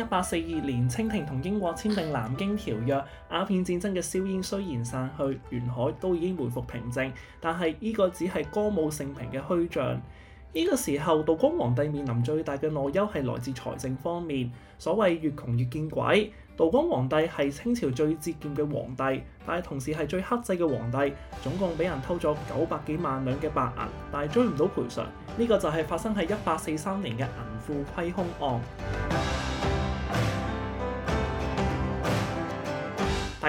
一八四二年，清廷同英國簽訂《南京條約》，鴉片戰爭嘅硝煙雖然散去，沿海都已經回復平靜，但係呢個只係歌舞升平嘅虛像。呢個時候，道光皇帝面臨最大嘅內憂係來自財政方面。所謂越窮越見鬼，道光皇帝係清朝最節儉嘅皇帝，但係同時係最克制嘅皇帝。總共俾人偷咗九百幾萬兩嘅白銀，但係追唔到賠償。呢個就係發生喺一八四三年嘅銀庫虧空案。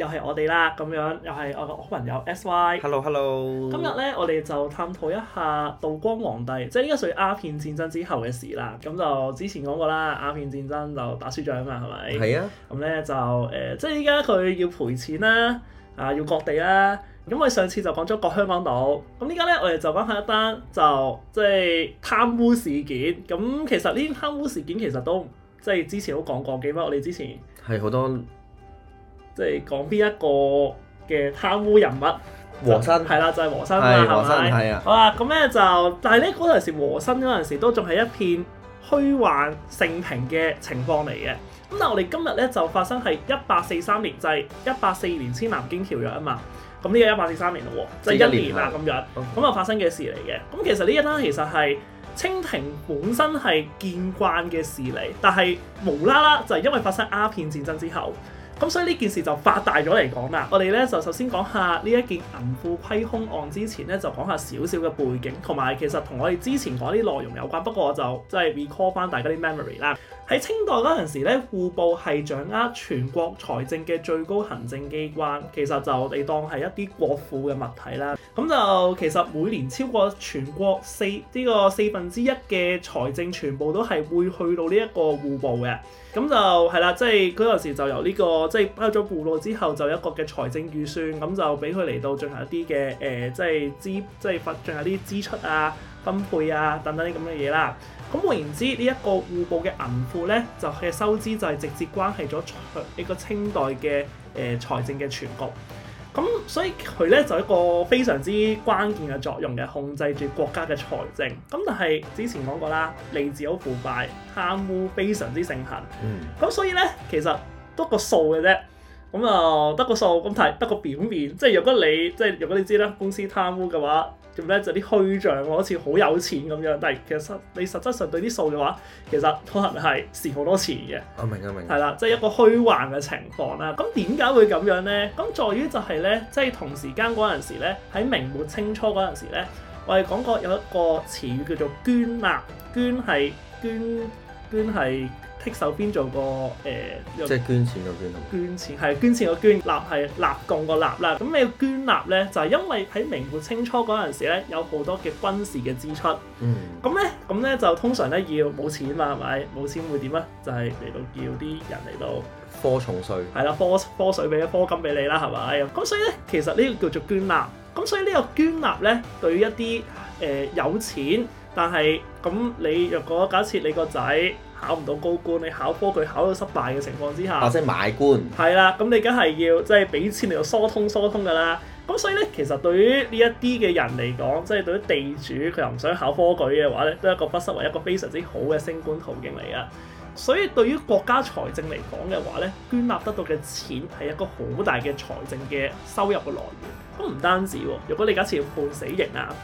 又係我哋啦，咁樣又係我個好朋友 S Y。Hello，Hello hello。今日呢，我哋就探討一下道光皇帝，即係依家屬於鴉片戰爭之後嘅事啦。咁就之前講過啦，鴉片戰爭就打輸仗啊嘛，係咪？係啊。咁呢就誒、呃，即係依家佢要賠錢啦，啊要割地啦。咁我上次就講咗割香港島。咁依家呢，我哋就講下一單，就即、是、係貪污事件。咁其實呢啲貪污事件其實都即係之前都講過幾多，我哋之前係好多。即係講邊一個嘅貪污人物和珅係啦，就係、是、和珅啦，係咪是？係啊吧。好啦，咁咧就，但係咧嗰陣時和珅嗰陣時都仲係一片虛幻盛平嘅情況嚟嘅。咁但係我哋今日咧就發生係一八四三年，就係一八四二年簽南京條約啊嘛。咁呢個一八四三年咯喎，即係一年啊咁樣。咁啊發生嘅事嚟嘅。咁其實呢一單其實係清廷本身係見慣嘅事嚟，但係無啦啦就係因為發生鴉片戰,戰爭之後。咁所以呢件事就發大咗嚟講啦，我哋咧就首先講下呢一件銀庫虧空案之前咧，就講下少少嘅背景，同埋其實同我哋之前講啲內容有關。不過我就真係 recall 翻大家啲 memory 啦。喺清代嗰陣時咧，戶部係掌握全國財政嘅最高行政機關，其實就我哋當係一啲國庫嘅物體啦。咁就其實每年超過全國四呢個四分之一嘅財政，全部都係會去到呢一個戶部嘅。咁就係啦，即係嗰陣時就由呢個即係包咗戶路之後，就有一個嘅財政預算，咁就俾佢嚟到進行一啲嘅誒，即係支即係發，進行啲支出啊、分配啊等等啲咁嘅嘢啦。咁換言之呢一、這個戶部嘅銀庫咧，就係收支就係直接關係咗呢個清代嘅誒、呃、財政嘅全局。咁所以佢咧就一個非常之關鍵嘅作用嘅，控制住國家嘅財政。咁但係之前講過啦，吏治好腐敗，貪污非常之盛行。咁、嗯、所以咧，其實得個數嘅啫。咁啊，得、呃、個數咁睇，得個表面。即係若果你即係如果你知啦，公司貪污嘅話。咧就啲虛象，好似好有錢咁樣，但係其實實你實質上對啲數嘅話，其實可能係蝕好多錢嘅。我明啊明。係啦，即係一個虛幻嘅情況啦。咁點解會咁樣咧？咁在於就係咧，即係同時間嗰陣時咧，喺明末清初嗰陣時咧，我哋講過有一個詞語叫做捐納。捐係捐捐係。捐剔手邊做個誒，呃、即係捐錢個捐同捐錢係捐，捐錢個捐，納係納貢個納啦。咁你要捐納咧，就係因為喺明末清初嗰陣時咧，有好多嘅軍事嘅支出。嗯呢。咁咧，咁咧就通常咧要冇錢嘛，係咪？冇錢會點啊？就係、是、嚟到叫啲人嚟到科重稅。係啦，科科稅俾啲科金俾你啦，係咪？咁所以咧，其實呢個叫做捐納。咁所以呢個捐納咧，對於一啲誒有錢，但係咁你若果假設你個仔。考唔到高官，你考科舉考到失敗嘅情況之下，或者、啊、買官。係啦，咁你梗係要即係俾錢嚟到疏通疏通㗎啦。咁所以咧，其實對於呢一啲嘅人嚟講，即係對於地主佢又唔想考科舉嘅話咧，都係一個不失為一個非常之好嘅升官途徑嚟㗎。所以對於國家財政嚟講嘅話咧，捐納得到嘅錢係一個好大嘅財政嘅收入嘅來源。咁唔單止喎，如果你假設要判死刑啊。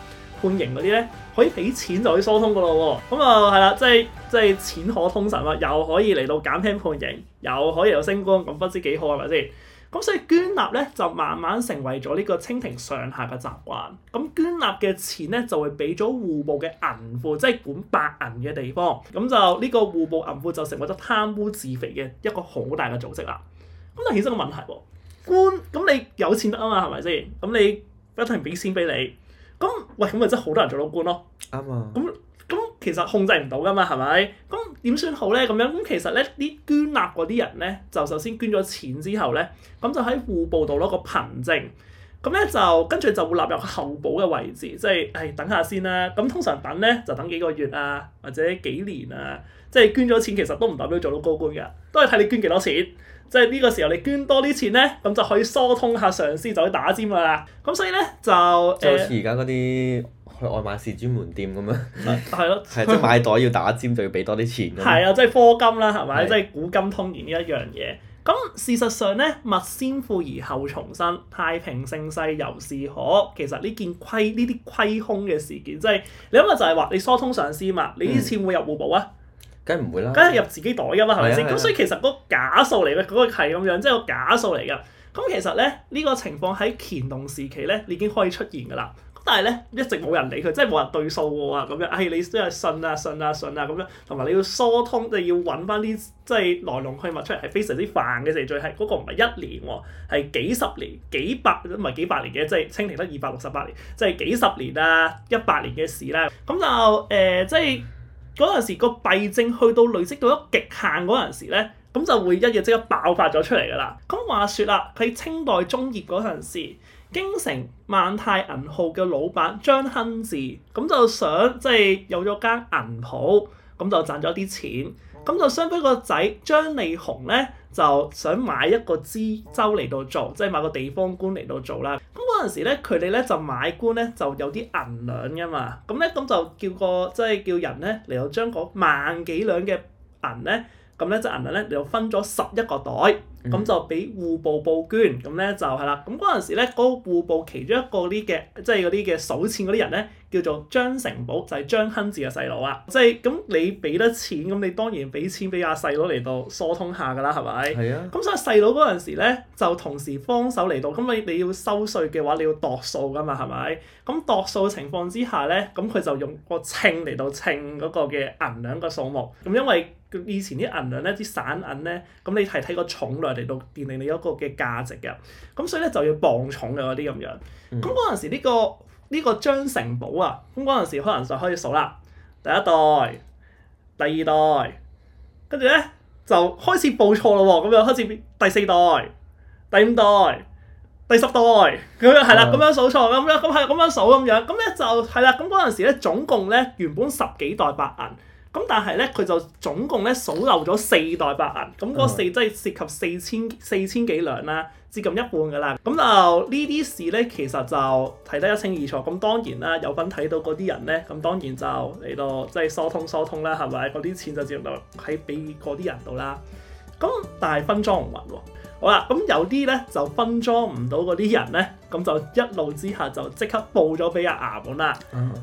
判刑嗰啲咧，可以俾錢就可以疏通噶咯喎，咁啊係啦，即係即係錢可通神啦，又可以嚟到減輕判刑，又可以有升官，咁不知幾好啊，係咪先？咁所以捐納咧就慢慢成為咗呢個清廷上下嘅習慣，咁捐納嘅錢咧就會俾咗戶部嘅銀庫，即係管白銀嘅地方，咁就呢個戶部銀庫就成為咗貪污自肥嘅一個好大嘅組織啦。咁就衍生個問題喎，官咁你有錢得啊嘛，係咪先？咁你不停俾錢俾你。咁喂，咁咪真係好多人做到官咯，啱啊，嗯。咁咁其實控制唔到噶嘛，係咪？咁點算好咧？咁樣咁其實咧啲捐納嗰啲人咧，就首先捐咗錢之後咧，咁就喺戶部度攞個憑證，咁咧就跟住就會納入候補嘅位置，即係哎等下先啦。咁通常等咧就等幾個月啊，或者幾年啊，即係捐咗錢其實都唔代表做到高官嘅，都係睇你捐幾多錢。即係呢個時候你捐多啲錢咧，咁就可以疏通下上司，就去打尖噶啦。咁所以咧就，就似而家嗰啲去外賣市專門店咁樣，係咯，即係買袋要打尖就要俾多啲錢。係啊，就是、課的即係課金啦，係咪？即係古今通言呢一樣嘢。咁事實上咧，物先腐而後蟲生，太平盛世又是可。其實呢件虧呢啲虧空嘅事件，即、就、係、是、你諗下就係話你疏通上司嘛？你啲錢會入戶部啊？嗯梗係入自己袋噶嘛，係咪先？咁所以其實嗰個假數嚟嘅，嗰個係咁樣，即係個假數嚟噶。咁其實咧，呢個情況喺乾隆時期咧已經可以出現㗎啦。咁但係咧，一直冇人理佢，即係冇人對數喎咁樣。係，哎，你都係信啊信啊信啊咁樣，同埋你要疏通，你要揾翻啲即係來龍去脈出嚟，係非常之煩嘅事。最係嗰個唔係一年喎，係幾十年、幾百唔係幾百年嘅，即係清廷得二百六十八年，即係幾十年啊、一百年嘅事啦。咁就誒，即係。嗯。嗰陣時、個弊症去到累積到一極限嗰陣時咧，咁就會一日即刻爆發咗出嚟㗎啦。咁話說啦，喺清代中葉嗰陣時，京城萬泰銀號嘅老闆張亨治咁就想即係、就是、有咗間銀鋪，咁就賺咗啲錢，咁就想畀個仔張利雄咧就想買一個知州嚟到做，即、就、係、是、買個地方官嚟到做啦。嗰陣時咧，佢哋咧就買官咧，就有啲銀兩噶嘛，咁咧咁就叫個即係、就是、叫人咧嚟到將嗰萬幾兩嘅銀咧。咁咧，只銀兩咧就分咗十一個袋，咁、嗯、就俾戶部報捐，咁咧就係、是、啦。咁嗰陣時咧，嗰個戶部其中一個啲嘅，即係嗰啲嘅數錢嗰啲人咧，叫做張成寶，就係、是、張亨治嘅細佬啊。即係咁，你俾得錢，咁你當然俾錢俾阿細佬嚟到疏通下㗎啦，係咪？係啊。咁所以細佬嗰陣時咧，就同時幫手嚟到，咁你你要收稅嘅話，你要度數㗎嘛，係咪？咁度數嘅情況之下咧，咁佢就用個秤嚟到稱嗰個嘅銀兩個數目，咁因為。以前啲銀兩咧，啲散銀咧，咁你係睇個重量嚟到奠定你一個嘅價值嘅，咁所以咧就要磅重嘅嗰啲咁樣。咁嗰陣時呢個呢個張成寶啊，咁嗰陣時可能就開始數啦，第一代、第二代，跟住咧就開始報錯咯喎，咁又開始第四代、第五代、第十代，咁樣係啦，咁樣數錯，咁樣咁係咁樣數咁樣，咁咧就係啦，咁嗰陣時咧總共咧原本十幾代白銀。咁但係咧，佢就總共咧數漏咗四袋白銀，咁嗰四真係涉及四千四千幾兩啦，接近一半㗎啦。咁就呢啲事咧，其實就睇得一清二楚。咁當然啦，有份睇到嗰啲人咧，咁當然就嚟到即係疏通疏通啦，係咪？嗰啲錢就直接喺俾嗰啲人度啦。咁但係分贓唔勻喎。好啦，咁有啲咧就分贓唔到嗰啲人咧，咁就一怒之下就即刻報咗俾阿衙門啦。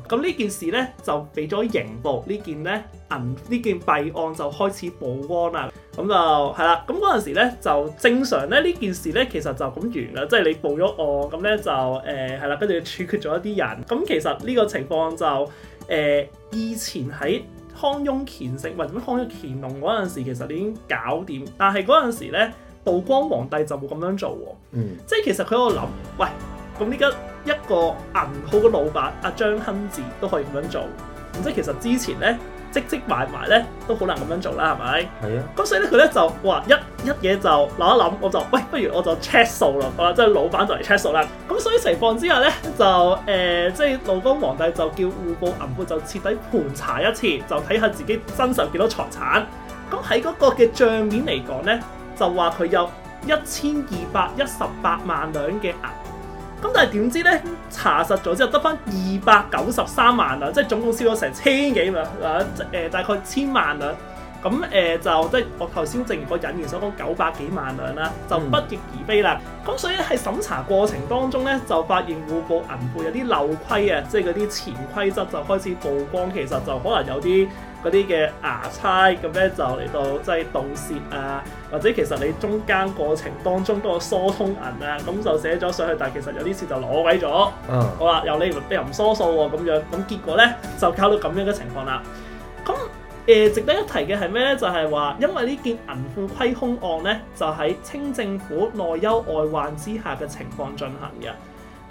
咁呢、嗯、件事咧就俾咗刑部件呢件咧銀呢件弊案就開始曝光啦。咁就係啦，咁嗰陣時咧就正常咧呢件事咧其實就咁完啦，即係你報咗案，咁咧就誒係啦，跟、呃、住處決咗一啲人。咁其實呢個情況就誒、呃、以前喺康雍乾盛或者康雍乾隆嗰陣時其實你已經搞掂，但係嗰陣時咧。道光皇帝就冇咁樣做喎、哦，嗯、即係其實佢喺度諗，喂，咁呢家一個銀號嘅老闆阿、啊、張亨治都可以咁樣做，即係其實之前咧積積埋埋咧都好難咁樣做啦，係咪？係啊。咁所以咧佢咧就話一一嘢就諗一諗，我就喂，不如我就 check 數咯，即係老闆就嚟 check 數啦。咁所以情況之下咧就誒，即係道光皇帝就叫戶部銀庫就徹底盤查一次，就睇下自己身上幾多財產。咁喺嗰個嘅帳面嚟講咧。就話佢有一千二百一十八萬兩嘅銀，咁但係點知呢？查實咗之後得翻二百九十三萬兩，即係總共燒咗成千幾萬兩，大概千萬兩。咁誒就即係我頭先正如個引言所講，九百幾萬兩啦，就不翼而飛啦。咁、嗯、所以喺審查過程當中呢，就發現戶部銀庫有啲漏規啊，即係嗰啲潛規則就開始曝光，其實就可能有啲嗰啲嘅牙差，咁呢，就嚟到即係盜竊啊！或者其實你中間過程當中嗰個疏通銀啊，咁就寫咗上去，但係其實有啲事就攞鬼咗。嗯，好啦，由你又唔疏數喎、哦、咁樣，咁結果咧就搞到咁樣嘅情況啦。咁誒、呃、值得一提嘅係咩咧？就係、是、話因為呢件銀庫虧空案咧，就喺清政府內憂外患之下嘅情況進行嘅。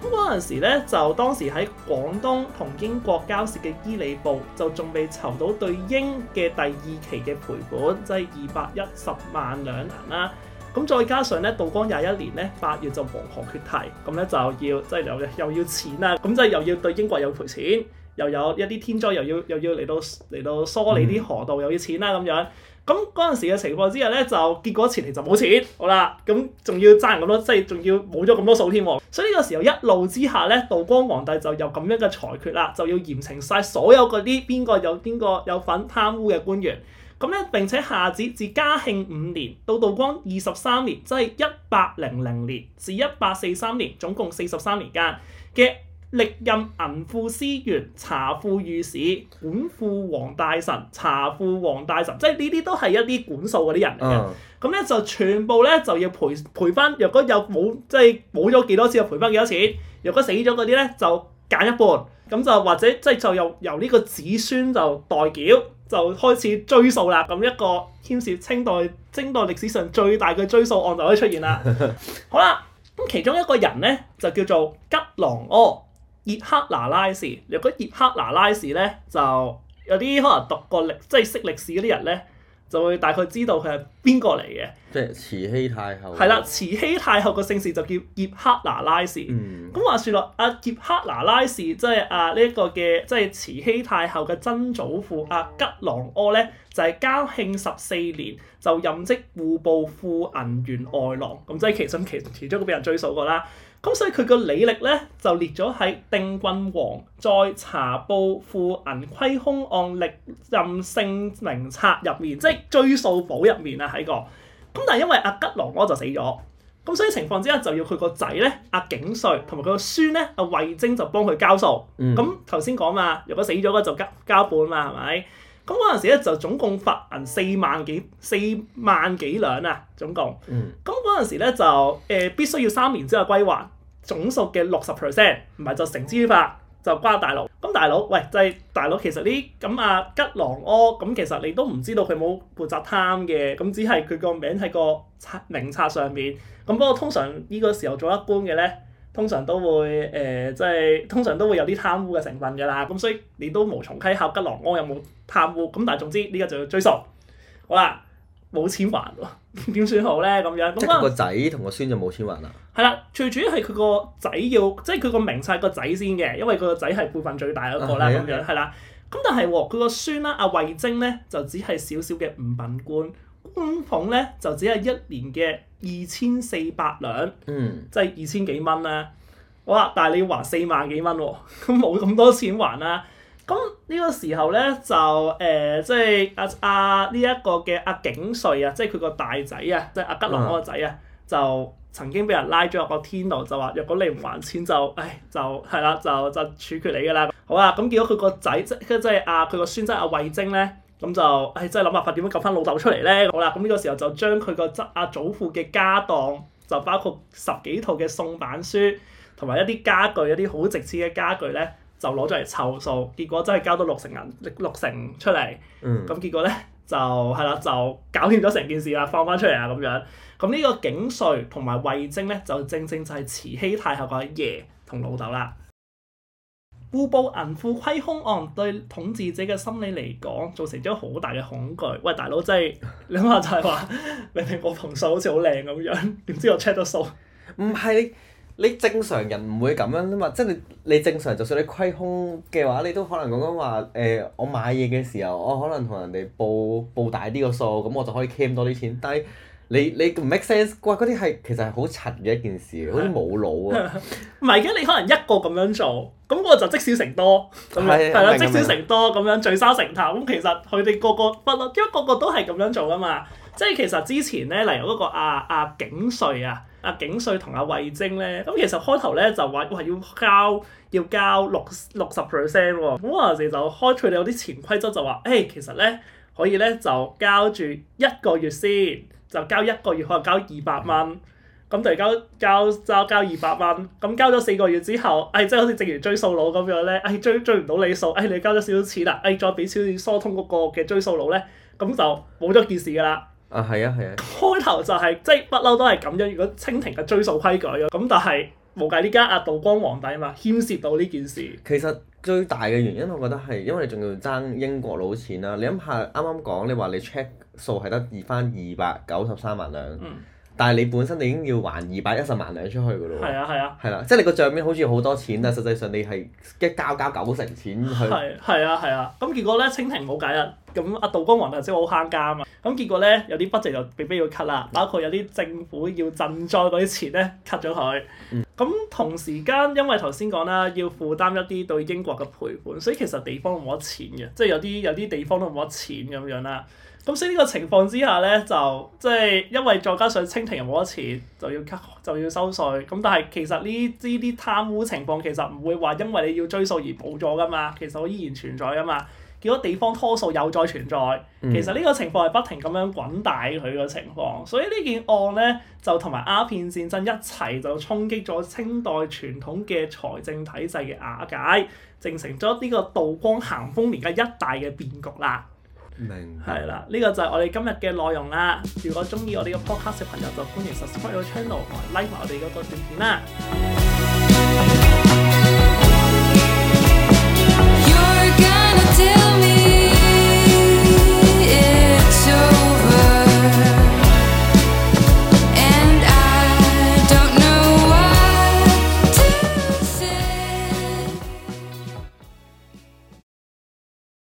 咁嗰陣時咧，就當時喺廣東同英國交涉嘅伊利布，就仲未籌到對英嘅第二期嘅賠款，即係二百一十萬兩銀啦、啊。咁再加上咧，道光廿一年咧八月就黃河決堤，咁咧就要即係又又要錢啦。咁即係又要對英國又賠錢，又有一啲天災又要又要嚟到嚟到梳理啲河道、嗯、又要錢啦咁樣。咁嗰陣時嘅情況之下咧，就結果前期就冇錢好啦，咁仲要爭咁多，即係仲要冇咗咁多數添喎。所以呢個時候一怒之下咧，道光皇帝就有咁樣嘅裁決啦，就要嚴懲晒所有嗰啲邊個有邊個有份貪污嘅官員咁咧。並且下旨自嘉慶五年到道光二十三年，即係一八零零年至一八四三年，總共四十三年間嘅。歷任銀庫司員、查庫御史、管庫王大臣、查庫王大臣，即係呢啲都係一啲管數嗰啲人嚟嘅。咁咧、嗯、就全部咧就要賠賠翻。若果有冇即係冇咗幾多錢，就賠翻幾多錢。若果死咗嗰啲咧，就減一半。咁就或者即係就由由呢個子孫就代繳，就開始追數啦。咁一個牽涉清代清代歷史上最大嘅追數案就可以出現啦。 好啦，咁其中一個人咧就叫做吉郎柯。葉赫那拉氏，若果葉赫那拉氏咧，就有啲可能讀過歷，即係識歷史嗰啲人咧，就會大概知道佢係邊個嚟嘅。即係慈禧太后。係啦，慈禧太后個姓氏就叫葉赫那拉氏。嗯。咁話説落阿葉赫那拉氏，即係阿呢一個嘅，即係慈禧太后嘅曾祖父阿吉郎阿咧，就係、是、嘉慶十四年就任職戶部庫銀員外郎，咁即係其中其中都俾人追數過啦。咁所以佢個履歷咧就列咗喺定郡王再查報庫銀虧空案歷任姓名冊入面，即係追數簿入面啊！喺個。咁但係因為阿吉郎我就死咗，咁所以情況之下就要佢個仔咧阿景瑞同埋佢個孫咧阿魏徵就幫佢交數。咁頭先講嘛，若果死咗嘅就交交半嘛，係咪？咁嗰陣時咧就總共罰銀四萬幾四萬幾兩啊，總共。咁嗰陣時咧就誒、呃、必須要三年之後歸還總數嘅六十 percent，唔係就成資本法就瓜大佬。咁大佬，喂，就係、是、大佬其實呢咁啊吉狼柯咁其實你都唔知道佢冇負責貪嘅，咁只係佢個名喺個名冊上面。咁不過通常呢個時候做一般嘅咧。通常都會誒、呃，即係通常都會有啲貪污嘅成分㗎啦。咁所以你都無從稽考吉郎安有冇貪污。咁但係總之，呢、這、家、個、就要追索。好啦，冇錢還喎，點算好咧？咁樣咁啊。個仔同個孫就冇錢還啦。係啦、嗯，最主要係佢個仔要，即係佢個名冊個仔先嘅，因為佢個仔係輩份最大嗰個啦。咁、啊啊、樣係啦。咁但係喎，佢個孫啦，阿魏徵咧，就只係少少嘅五品官，官俸咧就只係一年嘅。二千四百兩，即係二千幾蚊啦、啊，好哇！但係你要還四萬幾蚊喎、啊，咁冇咁多錢還啦、啊。咁呢個時候咧就誒、呃，即係阿阿呢一個嘅阿、啊、景瑞啊，即係佢個大仔啊，即係阿吉龍嗰個仔啊，就曾經俾人拉咗入個天牢，就話若果你唔還錢就，唉、哎，就係啦、啊，就就，就，就處決你㗎啦。好啊，咁見到佢個仔即係即係阿佢個孫即係阿慧晶咧。咁就誒、哎、真係諗辦法點樣救翻老豆出嚟咧？好啦，咁呢個時候就將佢個執阿祖父嘅家當，就包括十幾套嘅宋版書，同埋一啲家具，一啲好值錢嘅家具咧，就攞咗嚟湊數。結果真係交到六成銀，六成出嚟。嗯。咁結果咧就係啦，就搞掂咗成件事啦，放翻出嚟啦咁樣。咁呢個景瑞同埋惠徵咧，就正正就係慈禧太后個爺同老豆啦。戶部銀庫虧空案對統治者嘅心理嚟講造成咗好大嘅恐懼。喂，大佬真係你話就係話 明明我同數好似好靚咁樣，點知我 check 咗數？唔係你，你正常人唔會咁樣啦嘛，即係你你正常就算你虧空嘅話，你都可能講講話誒，我買嘢嘅時候我可能同人哋報報大啲個數，咁我就可以 claim 多啲錢，但係。你你唔 make sense 啩？嗰啲係其實係好柒嘅一件事，的好似冇腦啊！唔係嘅，你可能一個咁樣做，咁我就積少成多咁樣係啦，積少的成多咁的樣的，聚沙成塔。咁餐其實佢哋個個不嬲，因為個個都係咁樣做噶嘛。即係其實之前咧，例如嗰個阿阿景穗啊，阿、啊啊、景穗同阿慧晶咧，咁其實開頭咧就話要交要交六六十 percent 喎。咁有陣時就開除你有啲潛規則，就話誒其實咧可以咧就交住一個月先。就交一個月可能交二百蚊，咁、嗯、就交交交、嗯、交二百蚊，咁交咗四個月之後，誒、哎、即係好似正如追數佬咁樣咧，誒、哎、追追唔到你數，誒、哎、你交咗少少錢、哎、少少錢啦，誒再俾少少疏通嗰個嘅追數佬咧，咁、嗯、就冇咗件事㗎啦。啊，係啊，係啊。開頭、啊、就係、是、即係不嬲都係咁樣，如果清廷嘅追數規矩咁，但係冇計呢家阿道光皇帝啊嘛，牽涉到呢件事。其實。最大嘅原因，我覺得係因為你仲要爭英國佬錢啦、啊！你諗下，啱啱講你話你 check 數係得二翻二百九十三萬兩。嗯但係你本身你已經要還二百一十萬兩出去嘅咯喎，係啊係啊，係啦、啊啊，即係你個帳面好似好多錢，但係實際上你係一交交九成錢去，係啊係啊，咁、啊啊、結果咧清廷冇解啊，咁阿道光皇帝即係好慳儉啊嘛，咁結果咧有啲筆籍就被迫要 cut 啦，包括有啲政府要賑災嗰啲錢咧 cut 咗佢，咁、嗯、同時間因為頭先講啦，要負擔一啲對英國嘅賠款，所以其實地方冇乜錢嘅，即係有啲有啲地方都冇乜錢咁樣啦。咁所以呢個情況之下咧，就即係因為再加上清廷又冇得錢，就要收就要收稅。咁但係其實呢啲貪污情況其實唔會話因為你要追數而冇咗噶嘛，其實我依然存在噶嘛。結果地方拖數又再存在，嗯、其實呢個情況係不停咁樣滾大佢個情況。所以呢件案咧，就同埋鴉片戰爭一齊就衝擊咗清代傳統嘅財政體制嘅瓦解，形成咗呢個道光咸豐年間一大嘅變局啦。明，係啦，呢、這個就係我哋今日嘅內容啦。如果中意我哋嘅 podcast 嘅朋友，就歡迎 subscribe 個 channel，同埋 like 埋我哋嗰個短片啦。You're gonna tell me it's